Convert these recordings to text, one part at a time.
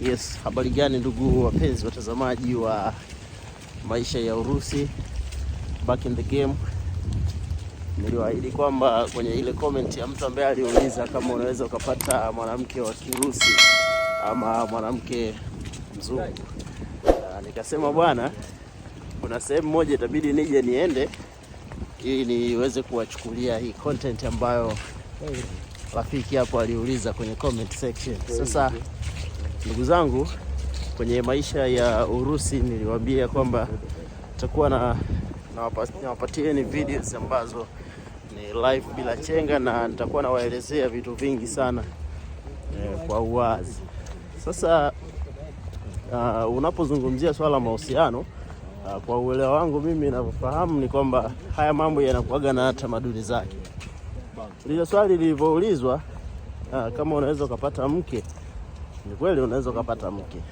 Yes, habari gani ndugu wapenzi watazamaji wa maisha ya Urusi, back in the game. Niliwaahidi kwamba kwenye ile comment ya mtu ambaye aliuliza kama unaweza ukapata mwanamke wa Kirusi ama mwanamke mzungu, nikasema bwana, kuna sehemu moja itabidi nije niende ili niweze kuwachukulia hii content ambayo rafiki hapo aliuliza kwenye comment section. Sasa Ndugu zangu, kwenye maisha ya Urusi niliwaambia kwamba tutakuwa na nawapatieni videos ambazo ni live bila chenga, na nitakuwa nawaelezea vitu vingi sana eh, kwa uwazi. Sasa uh, unapozungumzia swala mahusiano uh, kwa uelewa wangu mimi ninavyofahamu ni kwamba haya mambo yanakuaga na tamaduni zake. Lile swali lilivyoulizwa uh, ah, kama unaweza ukapata mke ni kweli unaweza ukapata mke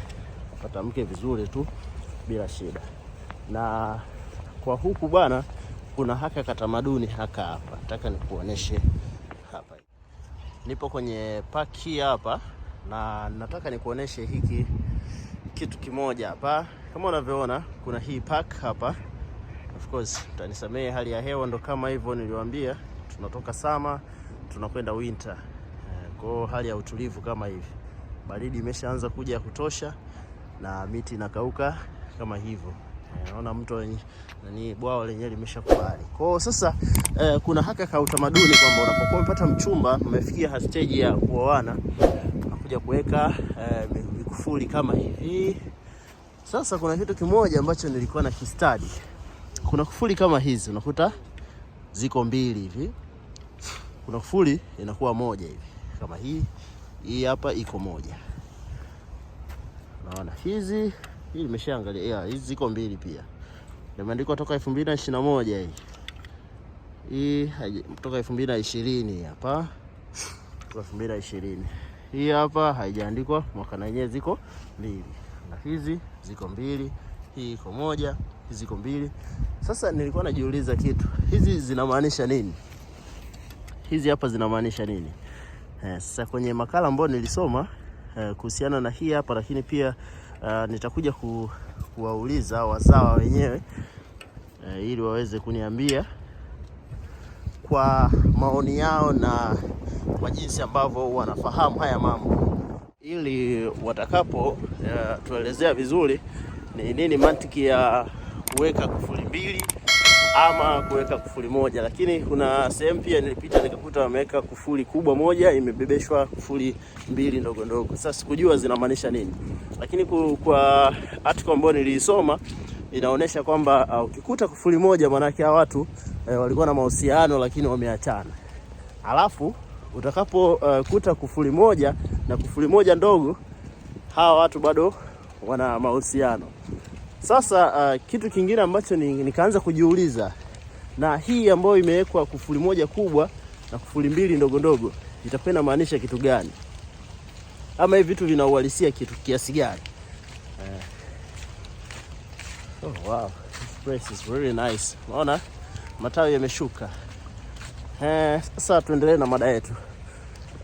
ukapata mke vizuri tu bila shida. Na kwa huku bwana, kuna haka katamaduni haka hapa, nataka nikuoneshe hapa. Nipo kwenye paki hapa na nataka nikuoneshe hiki kitu kimoja hapa. Kama unavyoona kuna hii park hapa. Of course mtanisamehe, hali ya hewa ndo kama hivyo, niliwaambia tunatoka sama tunakwenda winter, eh, kwa hali ya utulivu kama hivi baridi imeshaanza kuja ya kutosha na miti inakauka kama hivyo. Eh, naona mto nani bwawa lenyewe limeshakubali. Kwa hiyo sasa eh, kuna haka ka utamaduni kwamba unapokuwa umepata mchumba, umefikia stage ya kuoana, unakuja kuweka eh, mikufuli kama hivi. Sasa kuna kitu kimoja ambacho nilikuwa na kistadi. Kuna kufuli kama hizi unakuta ziko mbili hivi, kuna kufuli inakuwa moja hivi kama hii hii hapa iko moja, naona hizi hii nimeshaangalia, hizi ziko mbili pia, imeandikwa toka 2021 hii hii toka 2020 hapa 2020 hii hapa haijaandikwa mwaka na yenyewe ziko mbili, na hizi ziko mbili, hii iko moja, hizi ziko mbili. Sasa nilikuwa najiuliza kitu, hizi zinamaanisha nini? Hizi hapa zinamaanisha nini? Eh, sasa yes, kwenye makala ambayo nilisoma eh, kuhusiana na hii hapa lakini pia uh, nitakuja ku, kuwauliza wazawa wenyewe eh, ili waweze kuniambia kwa maoni yao na kwa jinsi ambavyo wanafahamu haya mambo ili watakapo uh, tuelezea vizuri ni nini mantiki ya kuweka kufuli mbili ama kuweka kufuli moja, lakini kuna sehemu pia nilipita nikakuta wameweka kufuli kubwa moja imebebeshwa kufuli mbili ndogo ndogo. Sasa sikujua zinamaanisha nini, lakini kwa article ambayo nilisoma inaonyesha kwamba ah, ukikuta kufuli moja maanake hawa watu uh, walikuwa na mahusiano lakini wameachana. Alafu utakapokuta eh, uh, kufuli moja na kufuli moja ndogo, hawa watu bado wana mahusiano. Sasa uh, kitu kingine ambacho nikaanza ni kujiuliza, na hii ambayo imewekwa kufuli moja kubwa na kufuli mbili ndogo ndogo itakuwa inamaanisha kitu gani, ama hivi vitu vina uhalisia kitu kiasi gani? Uh. Oh, wow. This place is really nice. Unaona matawi yameshuka. Eh, sasa tuendelee na mada yetu.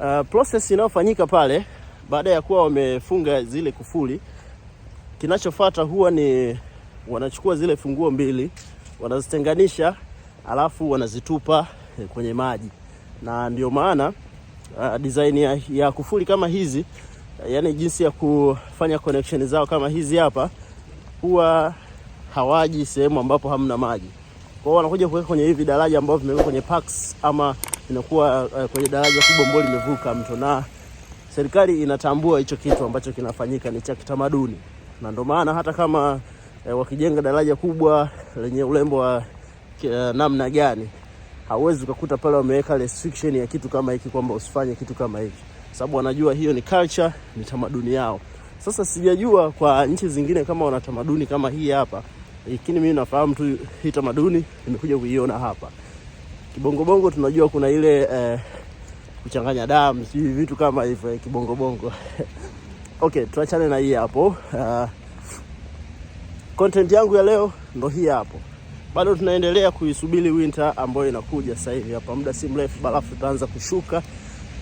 Uh, process inayofanyika pale baada ya kuwa wamefunga zile kufuli Kinachofuata huwa ni wanachukua zile funguo mbili wanazitenganisha, alafu wanazitupa eh, kwenye maji, na ndio maana uh, design ya, ya kufuli kama hizi yani jinsi ya kufanya connection zao kama hizi hapa, huwa hawaji sehemu ambapo hamna maji. Kwa hiyo wanakuja kuweka kwenye hivi daraja ambavyo vimewekwa kwenye parks ama inakuwa uh, eh, kwenye daraja kubwa ambalo limevuka mto, na serikali inatambua hicho kitu ambacho kinafanyika ni cha kitamaduni na ndio maana hata kama e, wakijenga daraja kubwa lenye urembo wa e, namna gani hauwezi ukakuta pale wameweka restriction ya kitu kama hiki kwamba usifanye kitu kama hiki, sababu wanajua hiyo ni culture, ni tamaduni yao. Sasa sijajua kwa nchi zingine kama wana tamaduni kama hii hapa, lakini mimi nafahamu tu hii tamaduni nimekuja kuiona hapa kibongobongo. Tunajua kuna ile eh, kuchanganya damu, sijui vitu kama hivyo eh, kibongobongo Okay, tuachane na hii hapo. Uh, content yangu ya leo ndo hii hapo. Bado tunaendelea kuisubiri winter ambayo inakuja sasa hivi hapa, muda si mrefu barafu itaanza kushuka,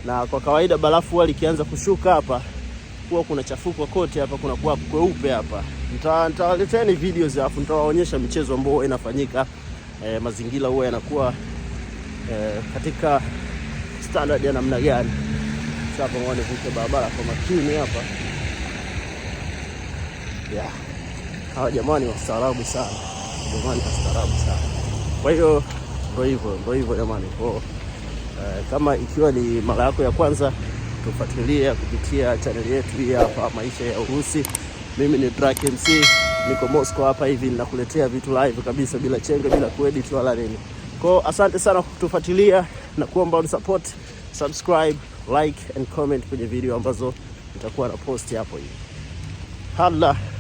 na kwa kawaida barafu huwa likianza kushuka hapa kuwa kuna chafuko kote hapa, kuna kuwa kweupe hapa. Nitawaleteni videos hapo, nitawaonyesha michezo ambayo inafanyika eh, mazingira huwa yanakuwa eh, katika standard ya namna gani kabisa hapa, ngoja nivuke barabara kwa makini hapa yeah. Hawa jamani wastaarabu sana, jamani wastaarabu sana. Kwa hiyo ndio hivyo, ndio hivyo jamani. Kwa eh, kama ikiwa ni mara yako ya kwanza tufuatilia kupitia chaneli yetu hii hapa, maisha ya Urusi. Mimi ni Drak MC, niko Moscow hapa hivi, ninakuletea vitu live kabisa bila chenga, bila kuedit wala nini. Kwa asante sana kutufuatilia na kuomba unisupport subscribe like and comment kwenye video ambazo nitakuwa na post hapo hivi. Hala.